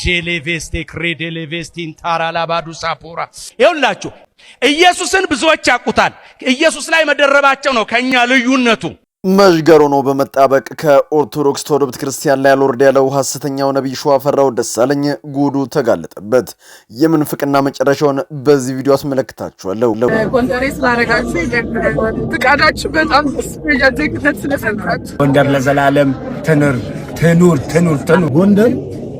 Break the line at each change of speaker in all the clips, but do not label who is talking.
ሼሌቬስቴ ክሬዴሌቬስቲን ታራላባዱ ሳፖራ ይሁላችሁ። ኢየሱስን ብዙዎች ያውቁታል። ኢየሱስ ላይ መደረባቸው ነው ከእኛ ልዩነቱ። መዥገሮ ነው በመጣበቅ ከኦርቶዶክስ ተዋሕዶ ቤተክርስቲያን ላይ አልወርድ ያለው ሐሰተኛው ነቢይ ሸዋፈራው ደሳለኝ ጉዱ ተጋለጠበት። የምንፍቅና መጨረሻውን በዚህ ቪዲዮ አስመለክታችኋለሁ። ኮንፈሬንስ ላረጋችሁ ፍቃዳችሁ በጣም ስለሰጣችሁ ጎንደር ለዘላለም ትኑር ትኑር ትኑር ትኑር ጎንደር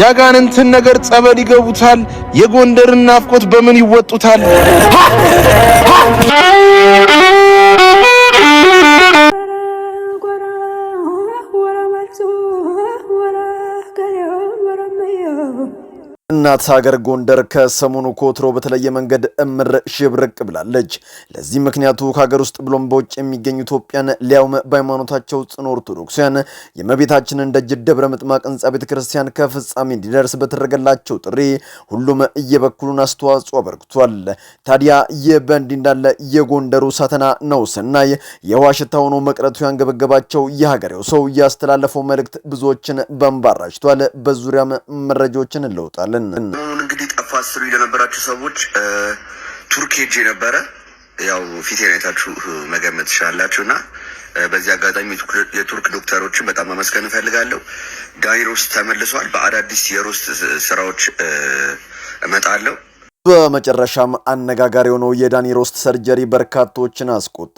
ያጋንንትን ነገር ጸበል ይገቡታል። የጎንደርን ናፍቆት በምን ይወጡታል? የእናት ሀገር ጎንደር ከሰሞኑ ከወትሮ በተለየ መንገድ እምር ሽብርቅ ብላለች። ለዚህ ምክንያቱ ከሀገር ውስጥ ብሎም በውጭ የሚገኙ ኢትዮጵያን ሊያውም በሃይማኖታቸው ጽኑ ኦርቶዶክሳውያን የእመቤታችንን ደጅ ደብረ ምጥማቅ ሕንፃ ቤተ ክርስቲያን ከፍጻሜ እንዲደርስ በተደረገላቸው ጥሪ ሁሉም እየበኩሉን አስተዋጽኦ አበርክቷል። ታዲያ ይህ በእንዲህ እንዳለ የጎንደሩ ሳተና ነው ስናይ የውሃ ሽታ ሆኖ መቅረቱ ያንገበገባቸው የሀገሬው ሰው እያስተላለፈው መልእክት ብዙዎችን በንባራጅቷል። በዙሪያም መረጃዎችን እንለውጣለን። አሁን እንግዲህ ጠፋ አስሩ ለነበራችሁ ሰዎች ቱርክ ሄጄ ነበረ። ያው ፊቴን አይታችሁ መገመት ትችላላችሁ እና በዚህ አጋጣሚ የቱርክ ዶክተሮችን በጣም ማመስገን እፈልጋለሁ። ዳኒ ሮስት ተመልሷል። በአዳዲስ የሮስት ስራዎች እመጣለሁ። በመጨረሻም አነጋጋሪ የሆነው የዳኒ ሮስት ሰርጀሪ በርካቶችን አስቆጣ።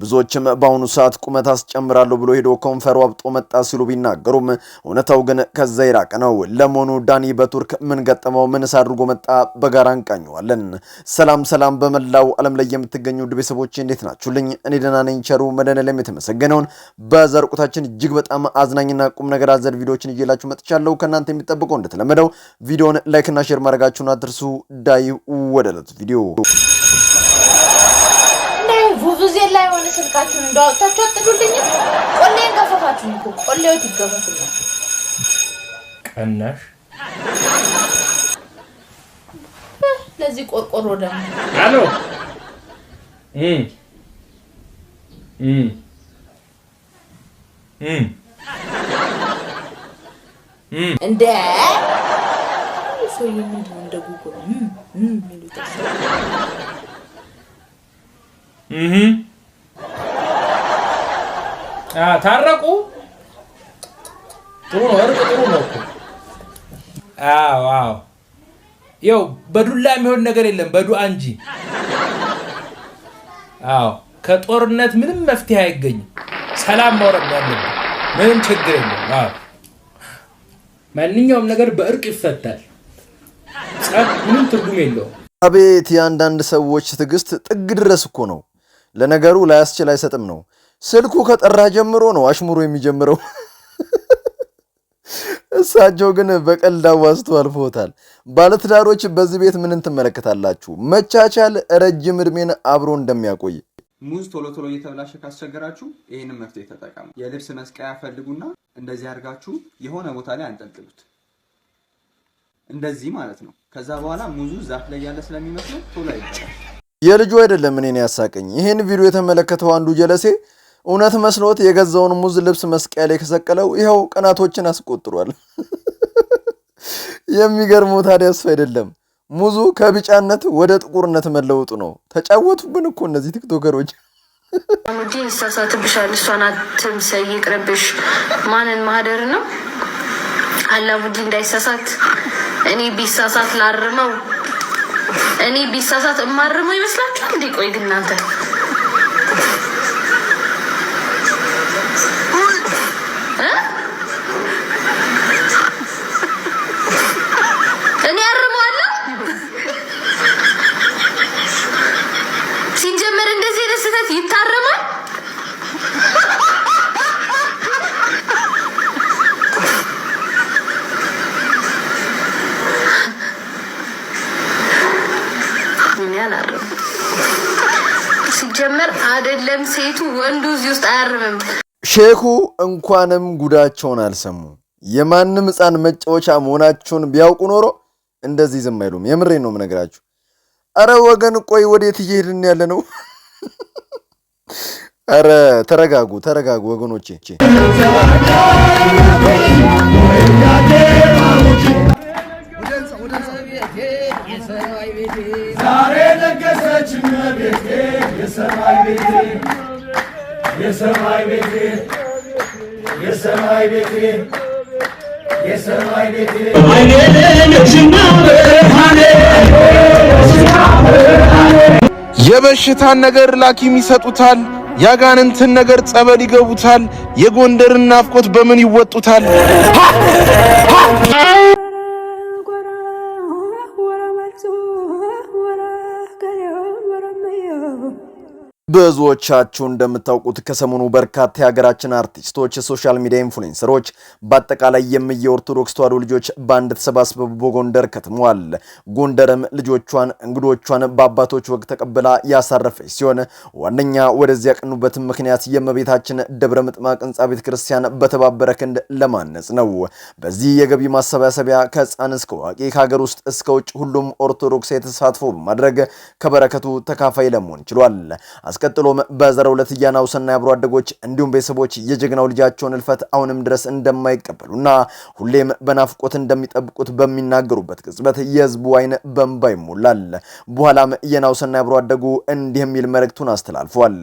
ብዙዎችም በአሁኑ ሰዓት ቁመት አስጨምራለሁ ብሎ ሄዶ ኮንፈሩ አብጦ መጣ ሲሉ ቢናገሩም እውነታው ግን ከዛ ይራቅ ነው። ለመሆኑ ዳኒ በቱርክ ምን ገጠመው? ምንስ አድርጎ መጣ? በጋራ እንቃኘዋለን። ሰላም ሰላም፣ በመላው ዓለም ላይ የምትገኙ ውድ ቤተሰቦች እንዴት ናችሁልኝ? እኔ ደህና ነኝ። ቸሩ መድኃኔዓለም የተመሰገነውን በዘርቁታችን እጅግ በጣም አዝናኝና ቁም ነገር አዘል ቪዲዮዎችን እየላችሁ መጥቻለሁ። ከእናንተ የሚጠብቀው እንደተለመደው ቪዲዮን ላይክና ሼር ማድረጋችሁን አትርሱ። ጉዳይ ወደ ዕለቱ ቪዲዮ ቡቡዜላ የሆነ ስልካችሁን እንዳወጣችሁ አጥዱልኝ። ገፈፋችሁ እኮ ቆሌዎት ቀናሽ ለዚህ ቆርቆሮ ደግሞ አሎ እንደ ሰውዬ ምንድነው እንደ ጉጉል 음 ታረቁ ጥሩ ነው ጥሩ ነው። ዋው ያው በዱላ የሚሆን ነገር የለም በዱአ እንጂ። አዎ ከጦርነት ምንም መፍትሄ አይገኝም። ሰላም መውረድ ያለብን ምንም ችግር የለም። ማንኛውም ነገር በእርቅ ይፈታል። መስራት ምንም ትርጉም የለውም። አቤት የአንዳንድ ሰዎች ትዕግስት ጥግ ድረስ እኮ ነው። ለነገሩ ላያስችል አይሰጥም ነው። ስልኩ ከጠራ ጀምሮ ነው አሽሙሮ የሚጀምረው። እሳቸው ግን በቀልድ አዋዝቶ አልፎታል። ባለትዳሮች በዚህ ቤት ምንን ትመለከታላችሁ? መቻቻል ረጅም እድሜን አብሮ እንደሚያቆይ ሙዝ ቶሎ ቶሎ እየተበላሸ ካስቸገራችሁ ይህንም መፍትሄ ተጠቀሙ። የልብስ መስቀያ ፈልጉና እንደዚህ አድርጋችሁ የሆነ ቦታ ላይ አንጠልጥሉት። እንደዚህ ማለት ነው። ከዛ በኋላ ሙዙ ዛፍ ላይ ያለ ስለሚመስለው ቶሎ ይበላል። የልጁ አይደለም እኔን ያሳቀኝ። ይህን ቪዲዮ የተመለከተው አንዱ ጀለሴ እውነት መስሎት የገዛውን ሙዝ ልብስ መስቀያ ላይ ከሰቀለው ይኸው ቀናቶችን አስቆጥሯል። የሚገርመው ታዲያ እሱ አይደለም ሙዙ ከቢጫነት ወደ ጥቁርነት መለወጡ ነው። ተጫወቱብን እኮ እነዚህ ቲክቶከሮች። ሙዲ ይሳሳትብሻል፣ እሷን አትምሰይ፣ ይቅርብሽ። ማንን ማህደር ነው አላሙዲ እንዳይሳሳት እኔ ቢሳሳት ላርመው፣ እኔ ቢሳሳት እማርመው ይመስላችኋል እንዴ? ቆይ ግን እናንተ አይደለም ሴቱ ወንዱ እዚህ ውስጥ አያርምም። ሼኩ እንኳንም ጉዳቸውን አልሰሙ። የማንም ህፃን መጫወቻ መሆናቸውን ቢያውቁ ኖሮ እንደዚህ ዝም አይሉም። የምሬ ነው የምነግራችሁ። አረ ወገን ቆይ፣ ወዴት እየሄድን ያለ ነው? አረ ተረጋጉ፣ ተረጋጉ ወገኖቼ። የበሽታን ነገር ላኪም ይሰጡታል፣ ያጋንንትን ነገር ጸበል ይገቡታል፣ የጎንደርን ናፍቆት በምን ይወጡታል? ብዙዎቻችሁ እንደምታውቁት ከሰሞኑ በርካታ የሀገራችን አርቲስቶች፣ የሶሻል ሚዲያ ኢንፍሉዌንሰሮች፣ በአጠቃላይ የምየ ኦርቶዶክስ ተዋሕዶ ልጆች በአንድ ተሰባስበው በጎንደር ከትመዋል። ጎንደርም ልጆቿን እንግዶቿን በአባቶች ወግ ተቀብላ ያሳረፈች ሲሆን ዋነኛ ወደዚህ ያቀኑበትን ምክንያት የእመቤታችን ደብረ ምጥማቅ ሕንፃ ቤተ ክርስቲያን በተባበረ ክንድ ለማነጽ ነው። በዚህ የገቢ ማሰባሰቢያ ከህፃን እስከ አዋቂ ከሀገር ውስጥ እስከ ውጭ ሁሉም ኦርቶዶክስ የተሳትፎ በማድረግ ከበረከቱ ተካፋይ ለመሆን ችሏል። አስቀጥሎም በዘረው ለትያና ውሰና የአብሮ አደጎች እንዲሁም ቤተሰቦች የጀግናው ልጃቸውን እልፈት አሁንም ድረስ እንደማይቀበሉና ሁሌም በናፍቆት እንደሚጠብቁት በሚናገሩበት ቅጽበት የህዝቡ አይን በእንባ ይሞላል። በኋላም የናውሰናይ አብሮ አደጉ እንዲህ የሚል መልእክቱን አስተላልፏል።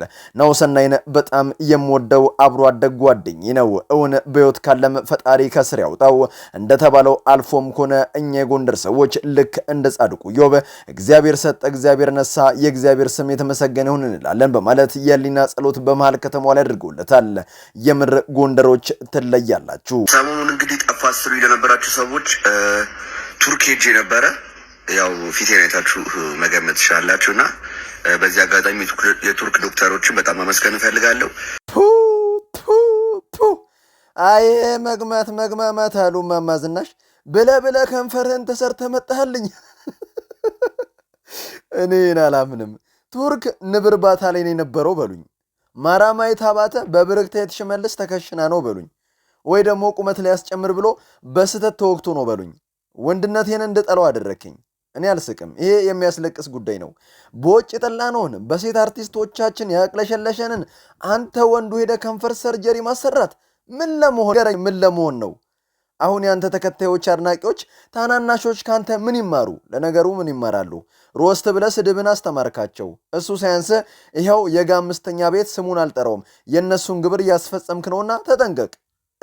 ሰናይን በጣም የምወደው አብሮ አደግ ጓደኝ ነው። እውን በህይወት ካለም ፈጣሪ ከስር ያውጣው። እንደተባለው አልፎም ከሆነ እኛ የጎንደር ሰዎች ልክ እንደ ጻድቁ ዮብ እግዚአብሔር ሰጠ፣ እግዚአብሔር ነሳ፣ የእግዚአብሔር ስም የተመሰገነ ይሁን እንላለን። እንችላለን በማለት የህሊና ጸሎት በመሃል ከተማ ላይ አድርጎለታል። የምር ጎንደሮች ትለያላችሁ። ሰሞኑን እንግዲህ ጠፋ ስትሉ ለነበራችሁ ሰዎች ቱርክ ሄጄ ነበረ። ያው ፊቴን አይታችሁ መገመት ትችላላችሁ እና በዚህ አጋጣሚ የቱርክ ዶክተሮችን በጣም ማመስገን እፈልጋለሁ። አይ መግመት መግመመት አሉ ማማዝናሽ ብለ ብለ ከንፈርህን ተሰርተ መጣህልኝ። እኔን አላምንም። ቱርክ ንብርባታ ላይ ነው የነበረው በሉኝ። ማራማዊት አባተ በብርክታ ሽመልስ ተከሽና ነው በሉኝ። ወይ ደግሞ ቁመት ላይ ያስጨምር ብሎ በስህተት ተወግቶ ነው በሉኝ። ወንድነቴን እንድጠለው አደረግኝ። እኔ አልስቅም። ይሄ የሚያስለቅስ ጉዳይ ነው። በውጭ የጠላነውን በሴት አርቲስቶቻችን ያቅለሸለሸንን አንተ ወንዱ ሄደ ከንፈር ሰርጀሪ ማሰራት ምን ለመሆን ምን ለመሆን ነው? አሁን ያንተ ተከታዮች አድናቂዎች ታናናሾች ካንተ ምን ይማሩ? ለነገሩ ምን ይማራሉ? ሮስት ብለህ ስድብን አስተማርካቸው። እሱ ሳያንስ ይኸው የጋ አምስተኛ ቤት ስሙን አልጠራውም የእነሱን ግብር እያስፈጸምክ ነውና ተጠንቀቅ።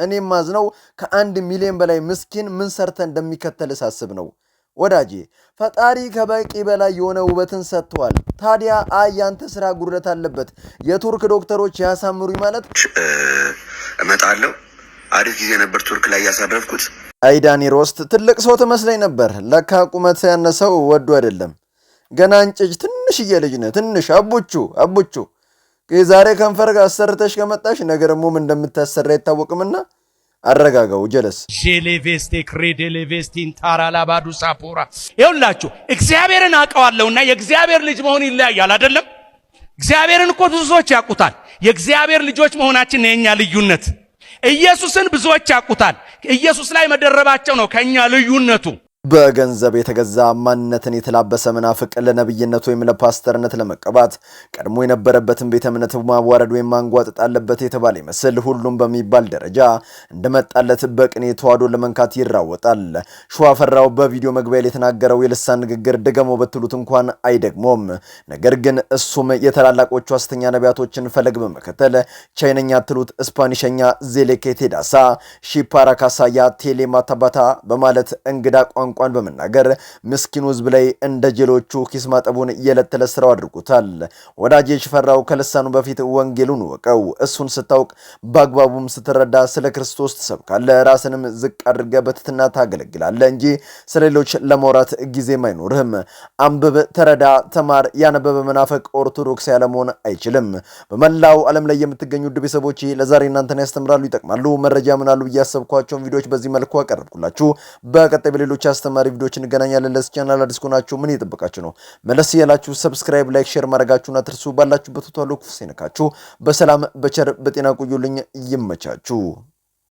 እኔም ማዝነው ከአንድ ሚሊዮን በላይ ምስኪን ምን ሰርተ እንደሚከተል ሳስብ ነው። ወዳጄ ፈጣሪ ከበቂ በላይ የሆነ ውበትን ሰጥተዋል። ታዲያ አይ ያንተ ስራ ጉድለት አለበት። የቱርክ ዶክተሮች ያሳምሩኝ ማለት እመጣለሁ አሪፍ ጊዜ ነበር ቱርክ ላይ ያሳረፍኩት። አይዳኒ ሮስት ትልቅ ሰው ትመስለኝ ነበር። ለካ ቁመት ያነሰው ወዱ አይደለም። ገና እንጭጭ ትንሽዬ ልጅ ነህ። ትንሽ አቡቹ አቡቹ ዛሬ ከንፈር አሰርተሽ ከመጣሽ ነገ ደግሞ ምን እንደምታሰራ አይታወቅምና አረጋጋው ጀለስ ጄሌቬስቴ ክሬዴሌቬስቲን ታራ ሳፖራ ይሁላችሁ። እግዚአብሔርን አውቀዋለሁና የእግዚአብሔር ልጅ መሆን ይለያያል አይደለም። እግዚአብሔርን እኮ ብዙ ሰዎች ያውቁታል። የእግዚአብሔር ልጆች መሆናችን የእኛ ልዩነት ኢየሱስን ብዙዎች ያውቁታል። ኢየሱስ ላይ መደረባቸው ነው ከኛ ልዩነቱ። በገንዘብ የተገዛ ማንነትን የተላበሰ መናፍቅ ለነብይነት ወይም ለፓስተርነት ለመቀባት ቀድሞ የነበረበትን ቤተ እምነት ማዋረድ ወይም ማንጓጠጥ አለበት የተባለ ይመስል ሁሉም በሚባል ደረጃ እንደመጣለት በቅኔ ተዋዶ ለመንካት ይራወጣል። ሸዋፈራው በቪዲዮ መግቢያ ላይ የተናገረው የልሳን ንግግር ድገሞ በትሉት እንኳን አይደግሞም። ነገር ግን እሱም የተላላቆቹ ሐሰተኛ ነቢያቶችን ፈለግ በመከተል ቻይነኛ ትሉት ስፓኒሸኛ ዜሌኬቴዳሳ ሺፓራካሳያ ቴሌማታባታ በማለት እንግዳ ቋንቋ ቋንቋን በመናገር ምስኪኑ ህዝብ ላይ እንደ ጀሎቹ ኪስ ማጠቡን የዕለት ተዕለት ስራው አድርጎታል። ወዳጄ ሽፈራው ከልሳኑ በፊት ወንጌሉን ወቀው እሱን ስታውቅ በአግባቡም ስትረዳ ስለ ክርስቶስ ትሰብካለ ራስንም ዝቅ አድርገ በትትና ታገለግላለ እንጂ ሌሎች ለማውራት ጊዜም አይኖርህም። አንብብ፣ ተረዳ፣ ተማር። ያነበበ መናፈቅ ኦርቶዶክስ ያለመሆን አይችልም። በመላው ዓለም ላይ የምትገኙ ውድ ቤተሰቦች ለዛሬ እናንተን ያስተምራሉ፣ ይጠቅማሉ፣ መረጃ ምናሉ ብዬ ያሰብኳቸውን ቪዲዮዎች በዚህ መልኩ አቀረብኩላችሁ። በቀጣይ በሌሎች አስተማሪ ቪዲዮዎች እንገናኛለን። ለዚህ ቻናል አዲስ ከሆናችሁ ምን እየጠበቃችሁ ነው? መለስ እያላችሁ ሰብስክራይብ፣ ላይክ፣ ሼር ማድረጋችሁን አትርሱ። ባላችሁበት ሁሉ ክፉ ሳይነካችሁ በሰላም በቸር በጤና ቆዩልኝ። ይመቻችሁ።